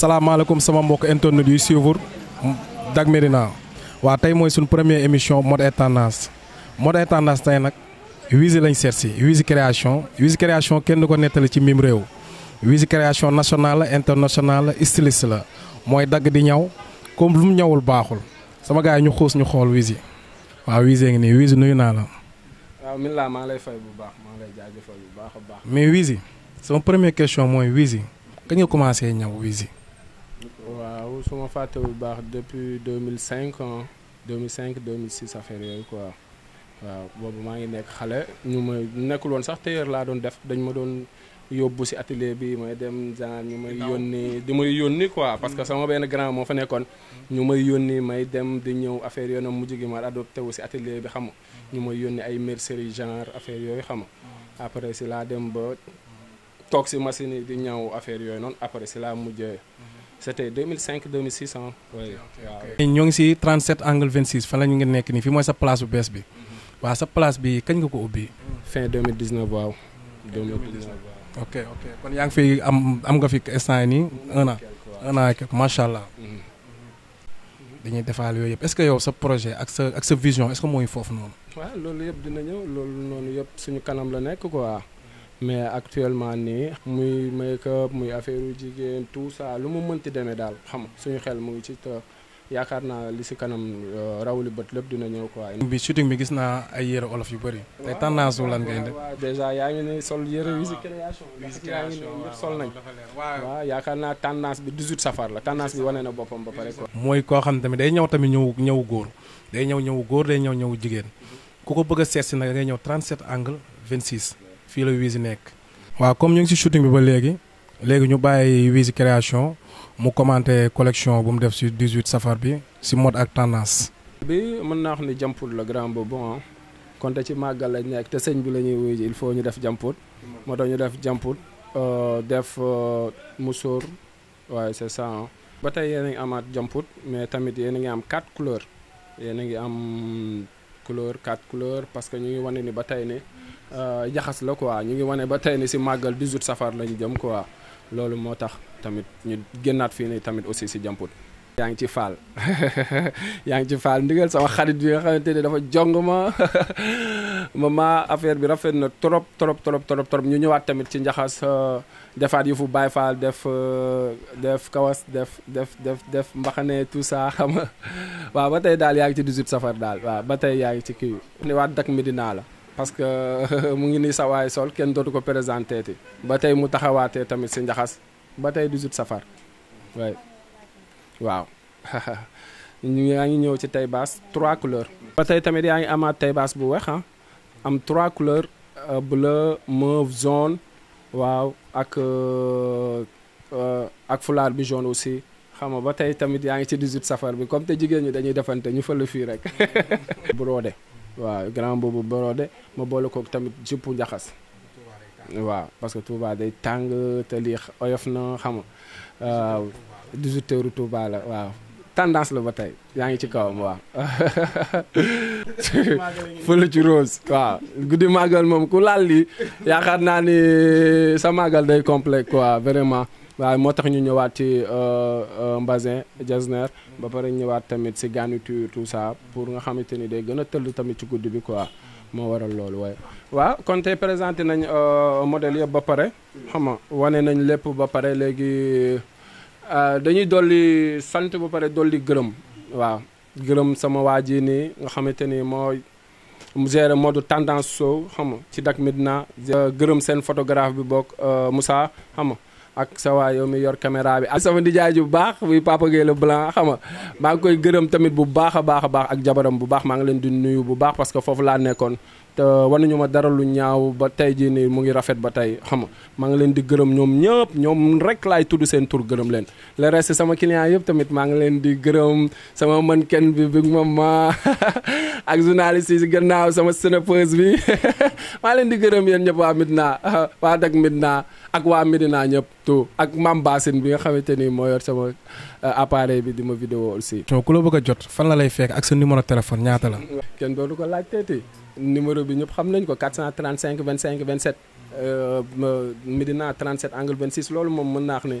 salaamaaleykum sama mbokk internet yu suivre dag Médina waa tey mooy suñu première émission mode et tendance mode et tendance tey nag Wizi lañ seet si Wizi création Wizi création kenn du ko nettali ci mim réew Wizi création nationale internationale styliste la mooy dagg di ñaw comme lu mu ñawul baaxul sama gars ñu xuus ñu xool Wizi waaw Wizi ngi nii Wizi nuyu naa la. waaw mi laa maa lay fay bu baax maa lay jaajëfal bu baax a baax. mais Wizi sama première question mooy Wizi kañ nga commencé ñaw Wizi. waaw su ma bu baax depuis 2005 ah 2005 2006 affaire yooyu quoi waaw boobu maa ngi nekk xale ñu ma nekkul woon sax tailleur laa doon def dañ ma doon yóbbu si atelier bi may dem genre ñu may yónni di may yónni quoi parce que mm. sama benn grand moo fa nekkoon mm. ñu may yónni may dem di ñëw affaire yoonam mujj gi ma adopté wu si atelier bi xam mm. ñu may yónni ay mercerie genre affaire yooyu xam nga après si laa dem ba toog si machine yi di ñëw affaire yooyu noonu après si laa mujjee c'était 2005 2006 ah. oui waaw. ñoo ngi si 37 angle 26 fan la ñu ngi nekk nii fii mooy sa place bu bees bi. Mhm. waaw sa place bi kañ nga ko ubbi. fin 2019 waaw. 2019 waaw. ok ok kon yaa ngi fi am am nga fi instant nii un macha allah. Mhm. Mhm. dañuy defaal yooyu yëpp est-ce que yow sa projet ak ak sa vision est mooy foofu noonu. waaw loolu yëpp dina ñëw loolu noonu yëpp suñu kanam la nekk quoi. mais actuellement nii muy make-up muy affaire yu jigéen tout ça lu mu mënti demee daal xam suñu xel mu ngi ci yaakaar naa li si kanam euh, rawli bët lépp dina ñëw quoi. bi shooting bi gis naa ay yére yu bëri. tendance wu lan ngay def. dèjà yaa ngi ne sol yére wisi ah, création. wisi création waaw sol nañ. waaw yaakaar naa tendance bi 18 safar la tendance bi wane na boppam ba pare quoi. mooy koo xam tamit day ñëw tamit ñëw ñëw góor day ñëw ñëw góor day ñëw ñëwu jigéen mm-hmm. ku ko bëgg a seet si nag day ñëw 37 angle 26. fii la Wizi nekk. waaw comme ñu ngi si shooting bi ba léegi léegi ñu bàyyi Wizi création mu commenté collection bu mu def si 18 safar bi si mode ak tendance. bi mën naa wax ni la grand boobu bon ah. kon ci màggal lañ nekk te sëñ bi la ñuy wuyu il faut ñu def jàmput moo tax ñu def jàmput euh, def euh, musóor waaye c'est ça ah. ba tey yéen a ngi amaat mais tamit yéen a ngi am quatre couleurs yéen a ngi am couleur quatre couleurs parce que ñu ngi wane ni ba tey ni Euh, jaxas la waa ñu ngi wane ba tey ni si màggal 18 safar lañu jëm quoi loolu moo tax tamit ñu génnaat fii nii tamit aussi si jàmput. yaa ngi ci faal yaa ngi ci faal ndigal sama xarit bi nga xamante ne dafa jong ma mama affaire bi rafet na trop trop trop trop trop ñu ñëwaat tamit ci njaxas euh, defaat yu fu Baay Faal def euh, def kawas def def def def mbaxane tout ça xam nga waaw ba tey daal yaa ngi ci 18 safar daal waaw ba tey yaa ngi ci kii ne waat dak Medina la parce que mu ngi nii sawaay sol kenn dootu ko présenté ti ba tey mu taxawaatee tamit si njaxas ba tey 18 safar waay waaw ñu yaa ngi ñëw ci tay baas trois couleurs ba tey tamit yaa ngi amaat tay baas bu weex ah am trois couleurs euh, bleu mauve jaune waaw ak euh, euh, ak fulaar bi jaune aussi xam nga ba tey tamit yaa ngi ci 18 safar bi comme te jigéen ñi dañuy defante ñu fële fii rek brodé waaw grand boobu borode ma boole kook tamit juppu njaxas waaw parce que Touba day tàng te lii oyof na xam la tendance la ba tey yaa ngi ci kawam waaw fële ci rose waaw guddi màggal moom ku laal lii yaakaar naa ni sa màggal day complet quoi vraiment waaw moo tax ñu ñëwaat ci euh, euh, mbasin jasner ba pare ñëwaat tamit si garniture tout ça pour nga xamante ni day gën a tëll tamit ci guddi bi quoi moo waral loolu waaye waa kon tey présenté nañ euh, modèle yëpp ba pare xam wane nañ lépp ba pare léegi dañuy dolli sant ba pare dolli gërëm waaw gërëm sama waa ji nii nga xamante ni moo géré mode tendance show xam nga ci Dak Médina gërëm seen photographe bi bokk Moussa xam nga ak sa yow mi yor caméra bi ak sama nijaay ju bu baax muy Papa Gueye le blanc xam nga maa ngi koy gërëm tamit bu baax a baax a ak jabaram bu baax maa ngi leen di nuyu bu baax parce que foofu laa nekkoon te wanuñu ma dara lu ñaaw ba tay ji ni mu ngi rafet ba tay xam ma ngi leen di gërëm ñoom ñëpp ñoom rek lay tuddu seen tour gërëm leen le reste sama client yëpp tamit ma ngi leen di gërëm sama man ken bi bi mama ak journaliste yi gannaaw sama sénépeuse bi ma leen di gërëm yeen ñëpp waa midna waa dag midna ak waa midina ñëpp tout ak Mam basin bi nga xamante ni yor sama euh, appareil bi di ma vidéo aussi. ku la bëgg a jot fan la lay fekk ak sa numéro téléphone ñaata la. kenn ko laaj numéro bi ñëpp xam nañ ko 435 25 27. Médina 37 angle 26 loolu moom mën naa wax ne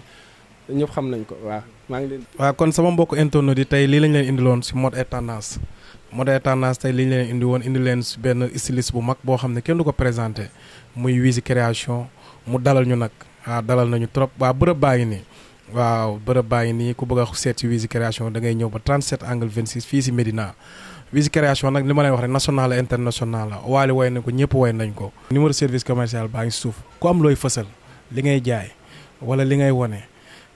ñëpp xam nañ ko waaw maa ngi leen. waaw kon sama mbokk internet yi tey lii lañ leen indiloon si mode et tendance mode et tendance tey lii leen indi woon indi leen si benn styliste bu mag boo xam ne kenn du ko présenté muy Wiizi création mu dalal ñu nag waaw dalal nañu trop waaw bërëb bàyyi nii. waaw bërëb baa ngi nii ku bëgg a seet si Wiizi création da ngay ñëw ba 37 angle 26 fii si Médina. Wizi création nag li ma lay wax rek national la international la waali na ko ñëpp way nañ ko. numéro service commercial baa ngi suuf ku am looy fësal li ngay jaay wala li ngay wane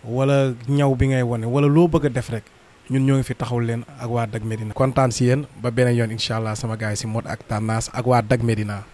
wala ñaw bi ngay wane wala loo bëgg a def rek ñun ñoo ngi fi taxaw leen ak waa Dak Médina kontaan si yéen ba beneen yoon incha allah sama gars yi si mode ak tendance ak waa Dak Médina